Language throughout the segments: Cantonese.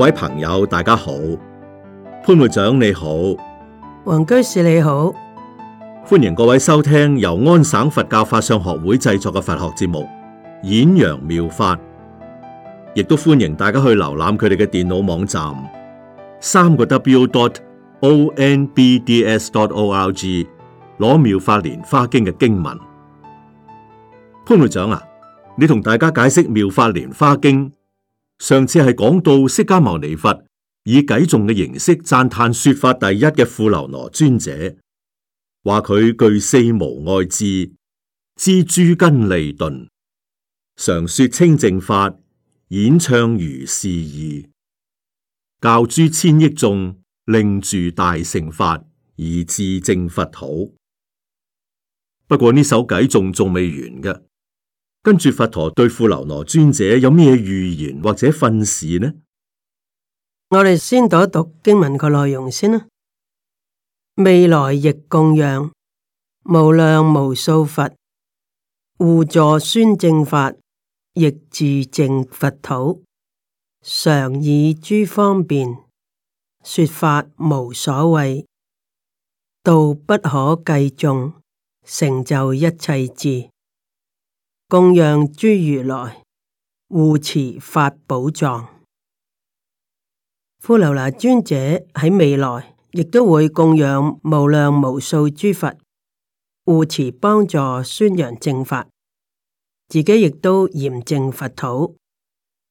各位朋友，大家好。潘會長你好，黃居士你好，歡迎各位收聽由安省佛教法相學會製作嘅佛學節目《演揚妙法》，亦都歡迎大家去瀏覽佢哋嘅電腦網站，三個 W dot O N B D S dot O R G，攞《妙法蓮花經》嘅經文。潘會長啊，你同大家解釋《妙法蓮花經》。上次係講到釋迦牟尼佛以偈頌嘅形式讚歎說法第一嘅富樓那尊者，話佢具四無礙智，知諸根利鈍，常說清淨法，演唱如是意，教諸千億眾令住大乘法而自淨佛土。不過呢首偈頌仲未完嘅。跟住佛陀對富樓那尊者有咩預言或者訓示呢？我哋先讀一讀經文嘅內容先啦。未來亦供養無量無數佛，互助宣正法，亦自正佛土，常以諸方便說法，無所謂道不可計眾成就一切智。供養諸如來，護持法寶藏。富樓那尊者喺未來亦都會供養無量無數諸佛，護持幫助宣揚正法，自己亦都嚴淨佛土，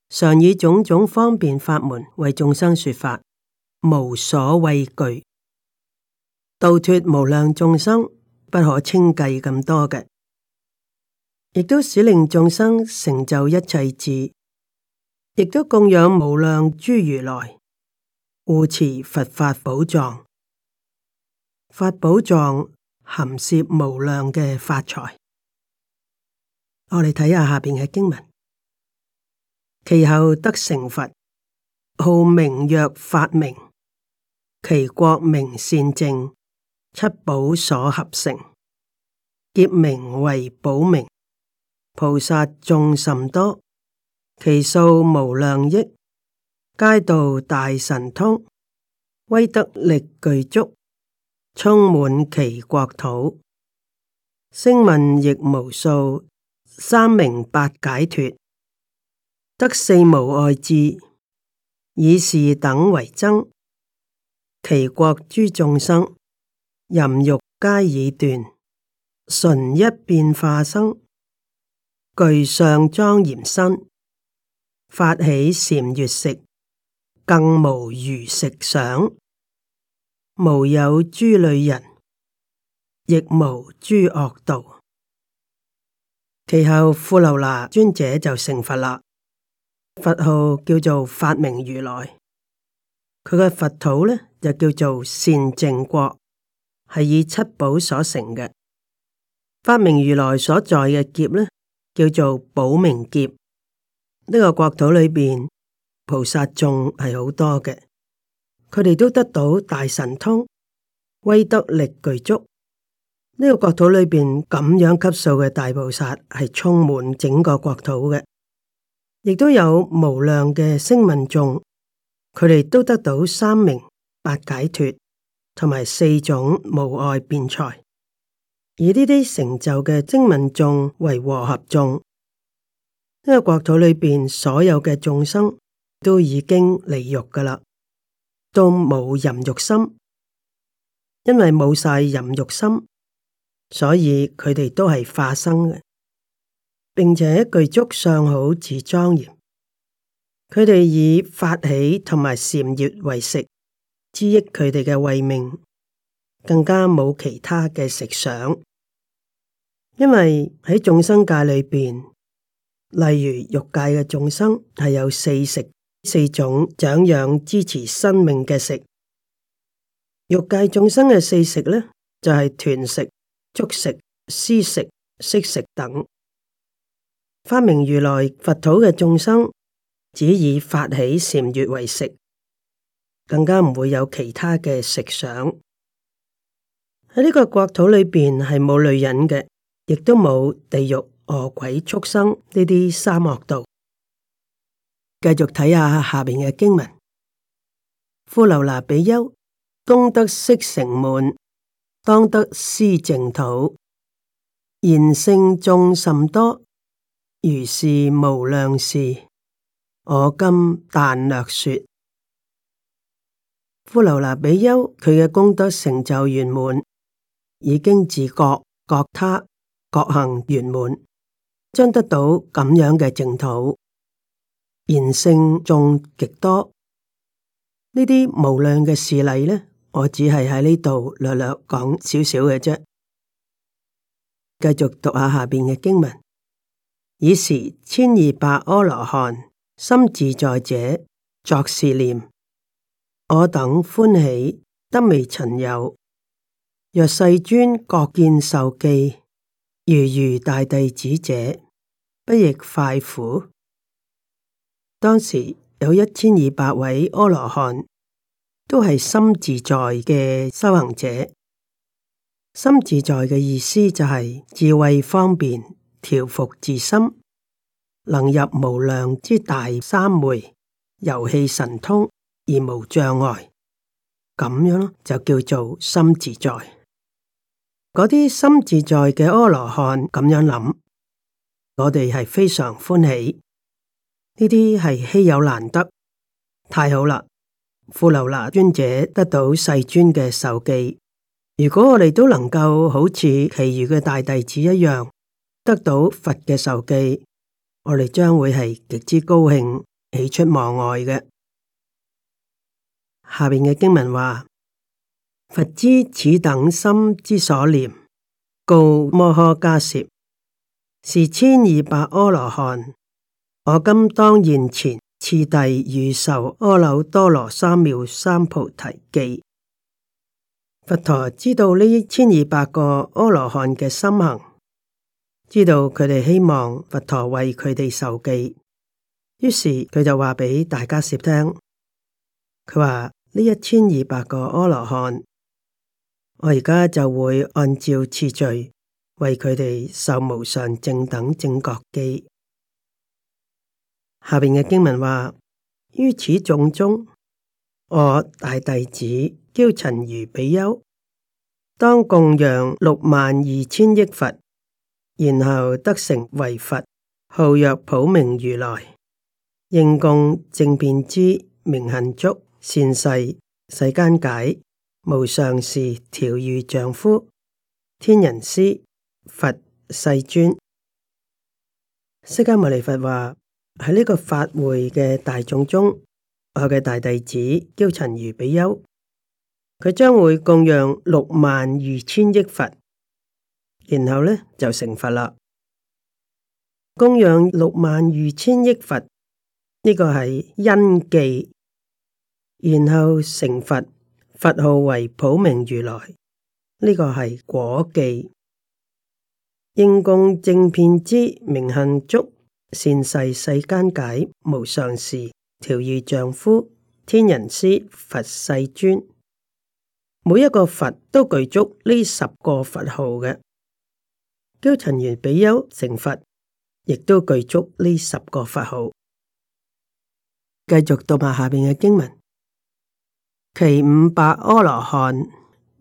常以種種方便法門為眾生說法，無所畏懼，度脱無量眾生，不可稱計咁多嘅。亦都使令眾生成就一切智，亦都供養無量諸如來，護持佛法寶藏，法寶藏含攝無量嘅法財。我哋睇下下邊嘅經文，其後得成佛，號名曰法明，其國名善淨，七寶所合成，劫名為寶明。菩薩眾甚多，其數無量億。皆道大神通，威德力具足，充滿其國土，聲聞亦無數，三明八解脱，得四無礙智，以是等為僧，其國諸眾生，淫欲皆已斷，純一變化生。具上莊嚴身，發起禪悅食，更無餘食想，無有諸類人，亦無諸惡道。其後富樓那尊者就成佛啦，佛號叫做法明如來，佢嘅佛土咧就叫做善淨國，係以七寶所成嘅，法明如來所在嘅劫咧，叫做寶明劫呢、這個國土裏邊，菩薩眾係好多嘅，佢哋都得到大神通，威德力具足。呢、這個國土裏邊咁樣級數嘅大菩薩係充滿整個國土嘅，亦都有無量嘅聲聞眾，佢哋都得到三明八解脫，同埋四種無礙辯才。以呢啲成就嘅精文眾為和合眾，呢、這個國土裏邊所有嘅眾生都已經離欲噶啦，都冇淫欲心，因為冇晒淫欲心，所以佢哋都係化生嘅，並且具足相好似莊嚴。佢哋以法喜同埋禪悦為食，滋益佢哋嘅慧命，更加冇其他嘅食想。因為喺眾生界裏邊，例如欲界嘅眾生係有四食，四種長養支持生命嘅食。欲界眾生嘅四食咧，就係、是、團食、觸食、思食、識食等。法明如來佛土嘅眾生只以發起禪悅為食，更加唔會有其他嘅食想。喺呢個國土裏邊係冇女人嘅。亦都冇地獄餓鬼畜生呢啲三惡道。繼續睇下下邊嘅經文：富樓那比丘，功德悉成滿，當得斯淨土，賢聖眾甚多，如是無量事，我今但略說。富樓那比丘，佢嘅功德成就圓滿，已經自覺覺他。各行圓滿，將得到咁樣嘅淨土，然性眾極多。呢啲無量嘅事例呢，我只係喺呢度略略講少少嘅啫。繼續讀下下邊嘅經文。以時千二百阿羅漢，心自在者作事念，我等歡喜得未曾有，若世尊各見受記。如遇大弟子者，不亦快乎？當時有一千二百位阿羅漢，都係心自在嘅修行者。心自在嘅意思就係、是、智慧方便調伏自心，能入無量之大三昧，遊戲神通而無障礙。咁樣就叫做心自在。嗰啲心自在嘅阿羅漢咁樣諗，我哋係非常歡喜，呢啲係稀有難得，太好啦！富樓那尊者得到世尊嘅授記，如果我哋都能夠好似其餘嘅大弟子一樣得到佛嘅授記，我哋將會係極之高興、喜出望外嘅。下邊嘅經文話。佛知此等心之所念，告摩訶迦葉：是千二百阿羅漢，我今當現前，次第與受阿耨多羅三藐三菩提記。佛陀知道呢一千二百個阿羅漢嘅心行，知道佢哋希望佛陀為佢哋受記，於是佢就話俾大迦葉聽。佢話呢一千二百個阿羅漢。我而家就會按照次序為佢哋受無上正等正覺記。下邊嘅經文話：於此眾中，我大弟子憍陳如比丘，當供養六萬二千億佛，然後得成為佛，號曰普明如來，應供正遍知、明行足善逝世間解。無上士調御丈夫，天人師佛世尊。釋迦牟尼佛話喺呢個法會嘅大眾中，我嘅大弟子叫陳如比丘，佢將會供養六萬二千億佛，然後咧就成佛啦。供養六萬二千億佛，呢、這個係因記，然後成佛。佛號為普明如來，呢、這個係果記，應供正遍知明行足善逝世間解無上士，調御丈夫天人師佛世尊。每一個佛都具足呢十個佛號嘅，憍陳如比丘成佛亦都具足呢十個佛號。繼續讀下下面嘅經文。其五百阿羅漢，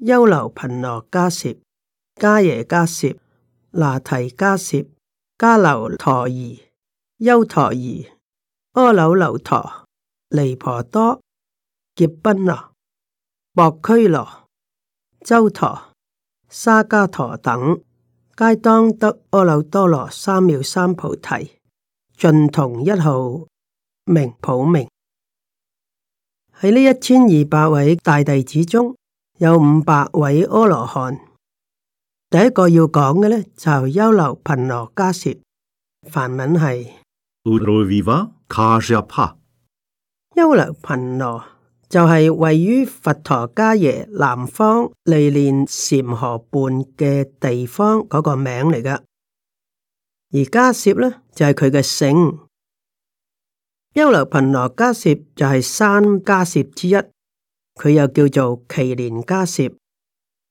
優樓頻羅加攝，迦耶加攝，那提加攝，加留陀夷，優陀夷，阿耨樓陀，離婆多，劫賓羅，薄拘羅，周陀，沙迦陀等，皆當得阿耨多羅三藐三菩提，盡同一號，名普明。喺呢一千二百位大弟子中，有五百位阿羅漢。第一個要講嘅呢就係優樓頻羅迦葉，梵文係 udraviva kashapa。優樓頻羅就係、是、位於佛陀伽耶南方尼連禪河畔嘅地方嗰個名嚟㗎，而迦葉呢，就係佢嘅姓。優樓頻羅迦葉就係三迦葉之一，佢又叫做奇連迦葉。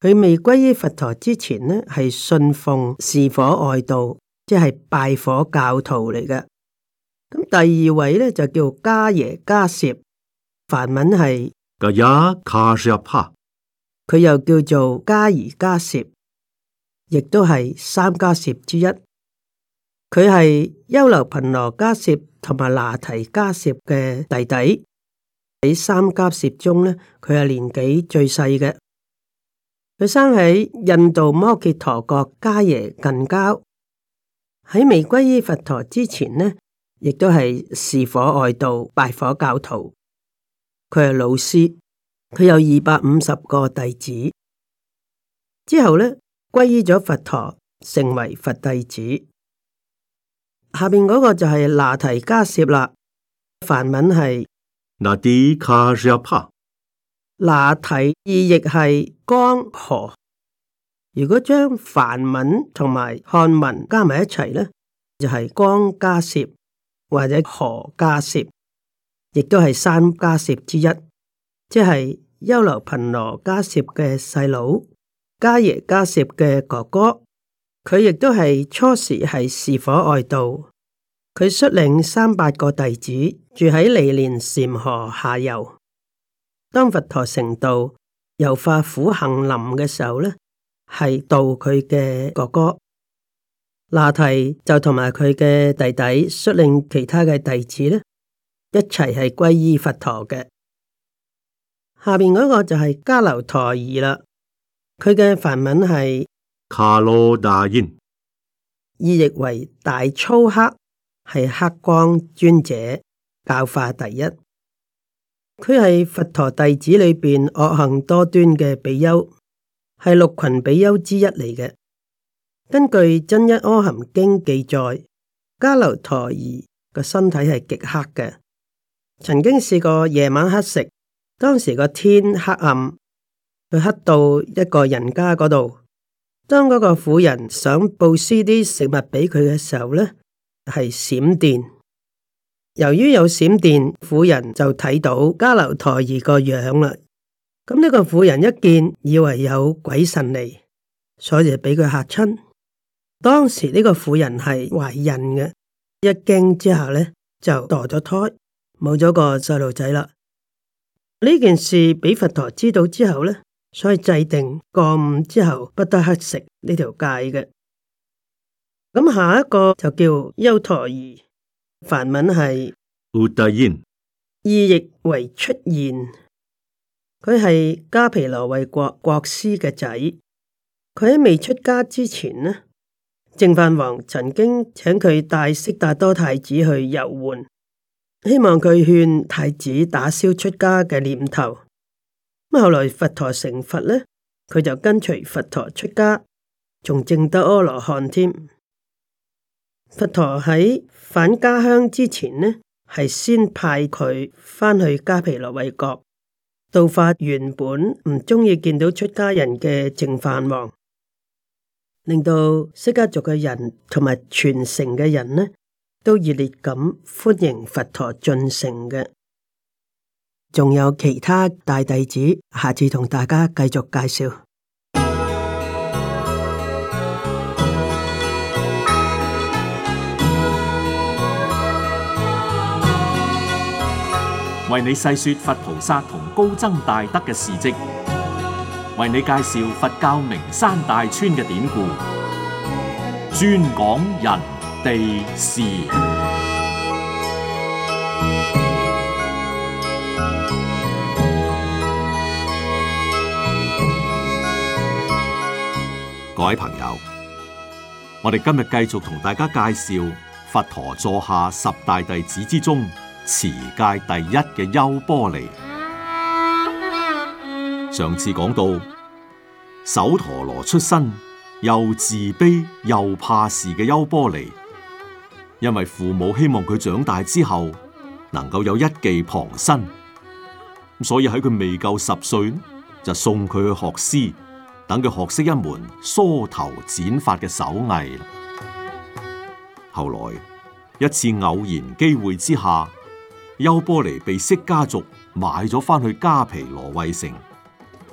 佢未歸於佛陀之前呢，係信奉事火外道，即係拜火教徒嚟嘅。咁第二位呢就叫迦耶迦葉，梵文係噶呀卡什入帕，佢又叫做迦夷迦葉，亦都係三迦葉之一。佢係優樓頻羅迦葉。同埋那提迦葉嘅弟弟，喺三迦葉中咧，佢係年紀最細嘅。佢生喺印度摩揭陀國迦耶近郊。喺未歸依佛陀之前咧，亦都係事火外道、拜火教徒。佢係老師，佢有二百五十個弟子。之後咧，歸依咗佛陀，成為佛弟子。下面嗰個就係拿提加攝啦，梵文係拿提加攝帕，拿提意譯係江河。如果將梵文同埋漢文加埋一齊咧，就係江加攝或者河加攝，亦都係三加攝之一，即係優樓頻羅加攝嘅細佬，加耶加攝嘅哥哥。佢亦都係初時係是，事火外道，佢率領三百個弟子住喺離連禪河下游。當佛陀成道，遊化苦行林嘅時候咧，係道佢嘅哥哥那提就同埋佢嘅弟弟率領其他嘅弟子咧，一齊係皈依佛陀嘅。下面嗰個就係迦留陀夷啦，佢嘅梵文係。迦留陀夷意譯為大粗黑，係黑光尊者，教化第一。佢係佛陀弟子裏邊惡行多端嘅比丘，係六群比丘之一嚟嘅。根據《增一阿含經》記載，迦留陀夷個身體係極黑嘅，曾經試過夜晚乞食。當時個天黑暗，佢乞到一個人家嗰度。當嗰個婦人想布施啲食物俾佢嘅時候咧，係閃電。由於有閃電，婦人就睇到迦留陀夷個樣啦。咁，嗯，呢，這個婦人一見，以為有鬼神嚟，所以就俾佢嚇親。當時呢個婦人係懷孕嘅，一驚之下咧就墮咗胎，冇咗個細路仔啦。呢件事俾佛陀知道之後咧，所以制定過午之後不得吃食呢條戒嘅。咁下一個就叫優陀夷，梵文係 Udāyin，意譯為出現。佢係迦毗羅衛國國師嘅仔。佢喺未出家之前呢，淨飯王曾經請佢帶悉達多太子去遊玩，希望佢勸太子打消出家嘅念頭。咁後來佛陀成佛呢，佢就跟隨佛陀出家，從證得阿羅漢添。佛陀喺返家鄉之前呢，係先派佢返去迦毗羅衛國，度化原本唔中意見到出家人嘅淨飯王，令到釋迦族嘅人同埋全城嘅人呢，都熱烈咁歡迎佛陀進城嘅。仲有其他大弟子，下次同大家繼續介紹。為你細說佛菩薩同高僧大德嘅事跡，為你介紹佛教名山大川嘅典故，專講人地事。各位朋友，我哋今日繼續同大家介紹佛陀座下十大弟子之中，持戒第一嘅優波離。 上次講到，首陀羅出身，又自卑又怕事嘅優波離，因為父母希望佢長大之後能夠有一技傍身，所以喺佢未夠十歲就送佢去學師。等佢學識一門梳頭剪髮嘅手藝。後來一次偶然機會之下，優波離被釋迦族買咗翻去迦毗羅衛城，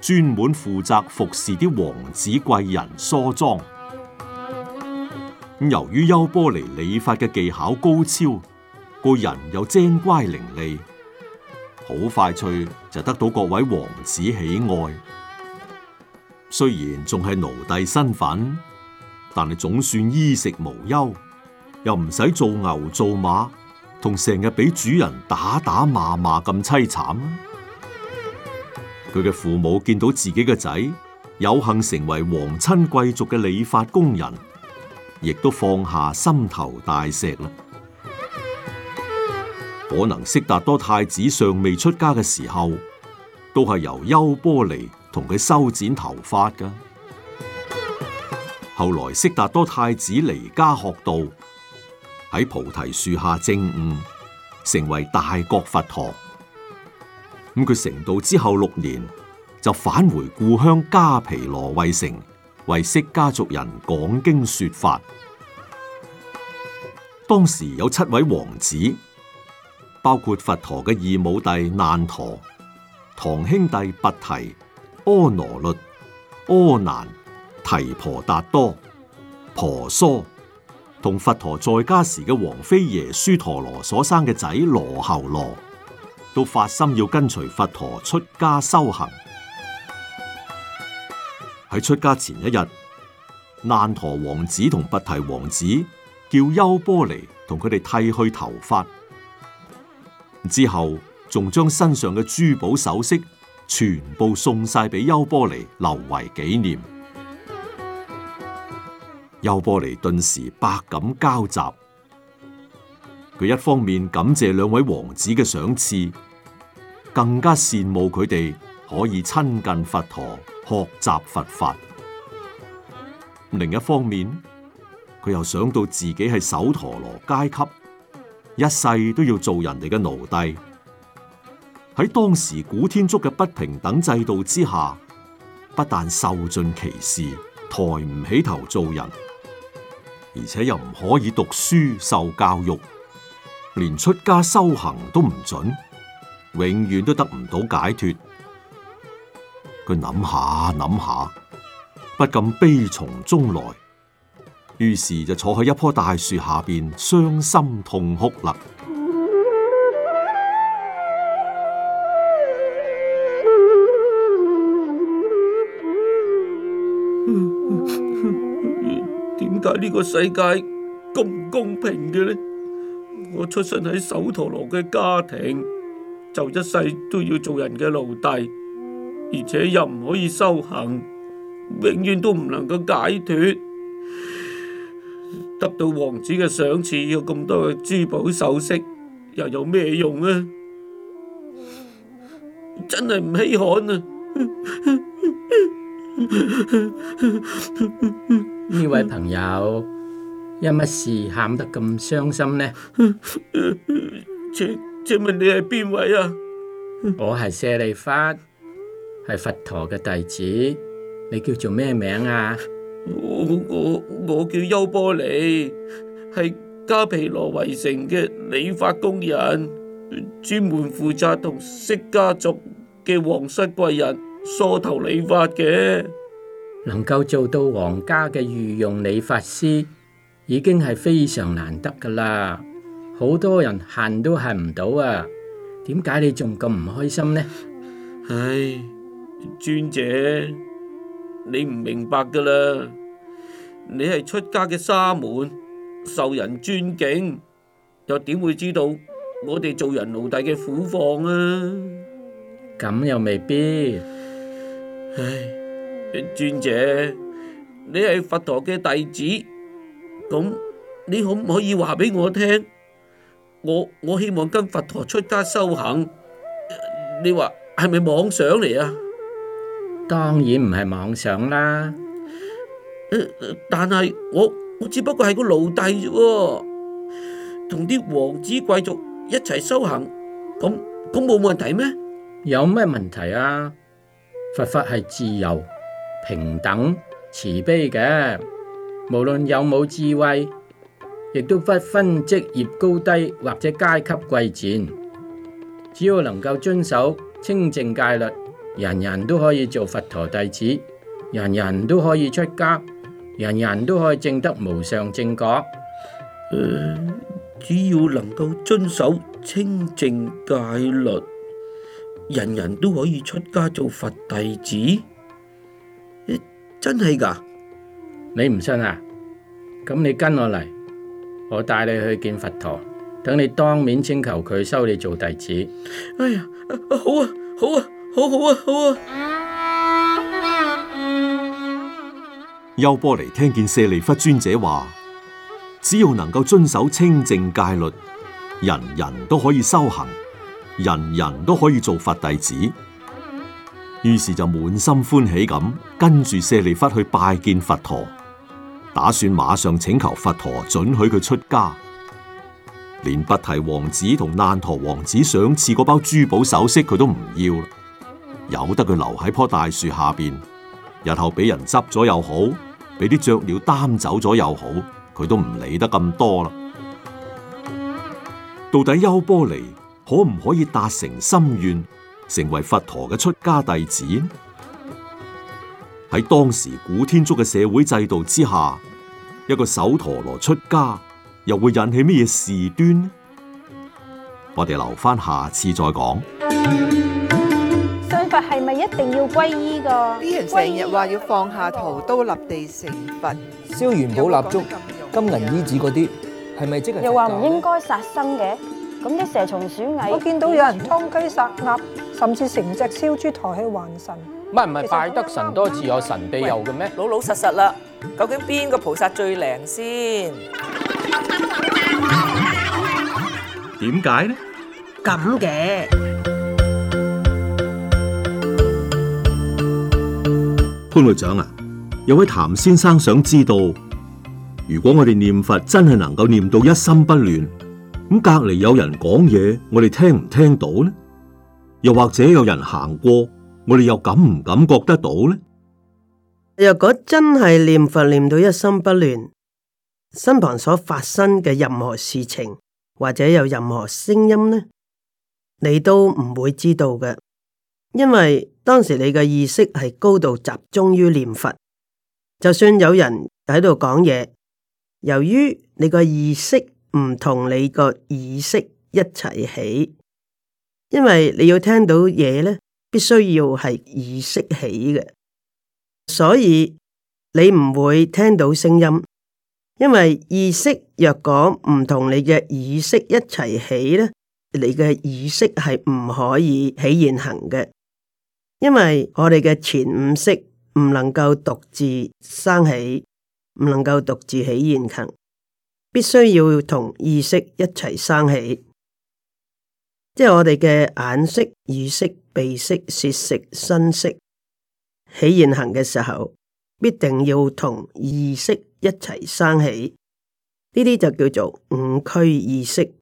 專門負責服侍啲王子貴人梳妝。由於優波離理髮嘅技巧高超，個人又精乖伶俐，好快脆就得到各位王子喜愛。雖然仲係奴隸身份，但係總算衣食無憂，又唔使做牛做馬，同成日俾主人打打罵罵咁凄慘。佢嘅父母見到自己嘅仔有幸成為皇親貴族嘅理髮工人，亦都放下心頭大石啦。可能悉達多太子尚未出家嘅時候，都係由優波離。同佢修剪頭髮噶。後來悉達多太子離家學道，喺菩提樹下證悟，成為大國佛陀。咁佢成道之後六年，就返回故鄉迦毗羅衛城，為釋迦族人講經說法。當時有七位王子，包括佛陀嘅異母弟難陀、堂兄弟拔提。阿那律、阿難、提婆達多、婆娑同佛陀在家時嘅王妃耶輸陀羅所生嘅仔羅睺羅，都發心要跟隨佛陀出家修行。喺出家前一日，難陀王子同跋提王子叫優波離同佢哋剃去頭髮，之後仲將身上嘅珠寶首飾。全部送晒俾優波離，留為紀念。優波離頓時百感交集。佢一方面感謝兩位王子嘅賞賜，更加羨慕佢哋可以親近佛陀學習佛法；另一方面，佢又想到自己係首陀羅階級，一世都要做人哋嘅奴隸。喺當時古天竺嘅不平等制度之下，不但受盡歧視，抬唔起頭做人，而且又唔可以讀書受教育，連出家修行都唔准，永遠都得唔到解脱。佢諗下諗下，不禁悲從中來，於是就坐喺一棵大樹下邊傷心痛哭啦。點解呢個世界咁唔公平嘅呢？我出生喺首陀羅嘅家庭，就一世都要做人嘅奴隸，而且又唔可以修行，永遠都唔能夠解脱。得到王子嘅賞賜，有咁多嘅珠寶首飾，又有咩用呢？真係唔稀罕啊！ 呢位朋友，因乜事喊得咁傷心呢？請，請問你係邊位啊？我係舍利弗，係佛陀嘅弟子。你叫做咩名啊？我我我叫優波離，係迦毗羅衛城嘅理髮工人，專門負責同釋迦族嘅皇室貴人。梳頭理髮嘅，能夠做到皇家嘅御用理髮師，已經係非常難得噶啦。好多人恨都恨唔到啊，點解你仲咁唔開心呢？唉，尊者，你唔明白噶啦。你係出家嘅沙門，受人尊敬，又點會知道我哋做人奴隸嘅苦況啊？咁又未必。唉，尊者，你係佛陀嘅弟子，咁你可唔可以話俾我聽？我我希望跟佛陀出家修行，你話係咪妄想嚟啊？當然唔係妄想啦，但係我我只不過係個奴隸啫，同啲王子貴族一齊修行，咁咁冇問題咩？有咩問題啊？佛法係自由、平等、慈悲嘅，無論有冇智慧，亦都不分職業高低或者階級貴賤，只要能夠遵守清淨戒律，人人都可以做佛陀弟子，人人都可以出家，人人都可以證得無上正覺。只要能夠遵守清淨戒律。人人都可以出家做佛弟子，真係噶？你唔信啊？咁你跟我嚟，我帶你去見佛陀，等你當面請求佢收你做弟子。哎呀，好啊，好啊，好啊好啊，好啊！優波離聽見舍利弗尊者話，只要能夠遵守清靜戒律，人人都可以修行。人人都可以做佛弟子，於是就滿心歡喜咁跟住舍利弗去拜見佛陀，打算馬上請求佛陀准許佢出家。連不提王子同難陀王子上次嗰包珠寶首飾，佢都唔要啦。由得佢留喺棵大樹下邊，日後俾人執咗又好，俾啲雀鳥擔走咗又好，佢都唔理得咁多啦。到底優波離可唔可以達成心願，成為佛陀嘅出家弟子？喺當時古天竺嘅社會制度之下，一個首陀羅出家，又會引起咩嘢事端？我哋留翻下,下次再講。信佛係咪一定要皈依㗎？啲人成日話要放下屠刀立地成佛，燒元寶蠟燭、金銀衣紙嗰啲，係咪即係？又話唔應該殺生嘅？咁啲蛇蟲鼠蟻，我見到有人劏雞殺鴨，甚至成隻燒豬抬去還神。唔係唔係，拜得神多自有神庇佑嘅咩？老老實實啦，究竟邊個菩薩最靈先？點解呢？咁嘅潘會長啊，有位譚先生想知道，如果我哋念佛真係能夠念到一心不亂。咁隔籬有人講嘢，我哋聽唔聽到呢？又或者有人行過，我哋又感唔感覺得到呢？若果真係念佛念到一心不亂，身旁所發生嘅任何事情或者有任何聲音呢，你都唔會知道嘅，因為當時你嘅意識係高度集中於念佛，就算有人喺度講嘢，由於你嘅意識，唔同你個意識一齊起，因為你要聽到嘢咧，必須要係意識起嘅，所以你唔會聽到聲音。因為意識若果唔同你嘅意識一齊起咧，你嘅意識係唔可以起現行嘅，因為我哋嘅前五識唔能夠獨自生起，唔能夠獨自起現行。必須要同意識一齊生起，即係我哋嘅眼識、耳識、鼻識、舌識、身識，起現行嘅時候，必定要同意識一齊生起，呢啲就叫做五俱意識。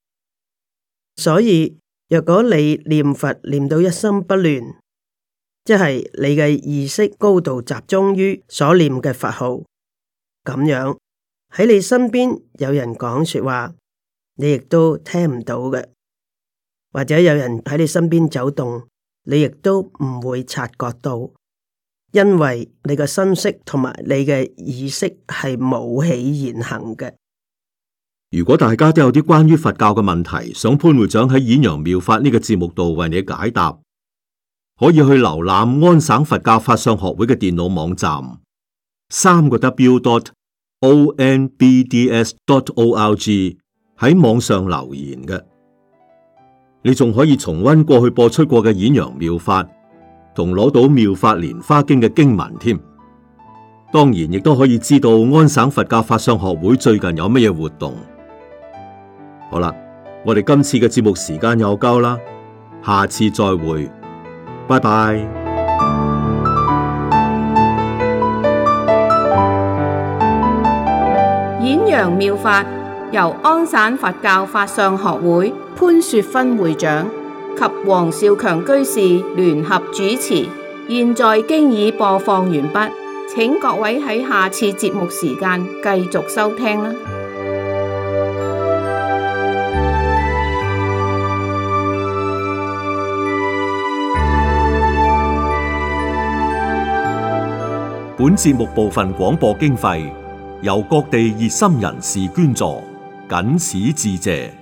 所以若果你念佛念到一心不亂，即係你嘅意識高度集中於所念嘅佛號，咁樣。喺你身邊有人講說話，你亦都聽唔到嘅；或者有人喺你身邊走動，你亦都唔會察覺到，因為你嘅心識同埋你嘅意識係冇起現行嘅。如果大家都有啲關於佛教嘅問題，想潘會長喺《演羊妙法》呢個節目度為你解答，可以去瀏覽安省佛教法相學會嘅電腦網站。三個 w dot。O N B D S dot O R G，喺網上留言嘅。你仲可以重温過去播出過嘅演揚妙法，同攞到妙法蓮華經嘅經文添。當然，亦都可以知道安省佛教法相學會最近有乜嘢活動。好啦，我哋今次嘅節目時間又夠啦，下次再會，拜拜。揚妙法由安省佛教法相學會潘雪芬會長及黃少強居士聯合主持，現在經已播放完畢，請各位喺下次節目時間繼續收聽啦。本節目部分廣播經費，由各地熱心人士捐助，謹此致謝。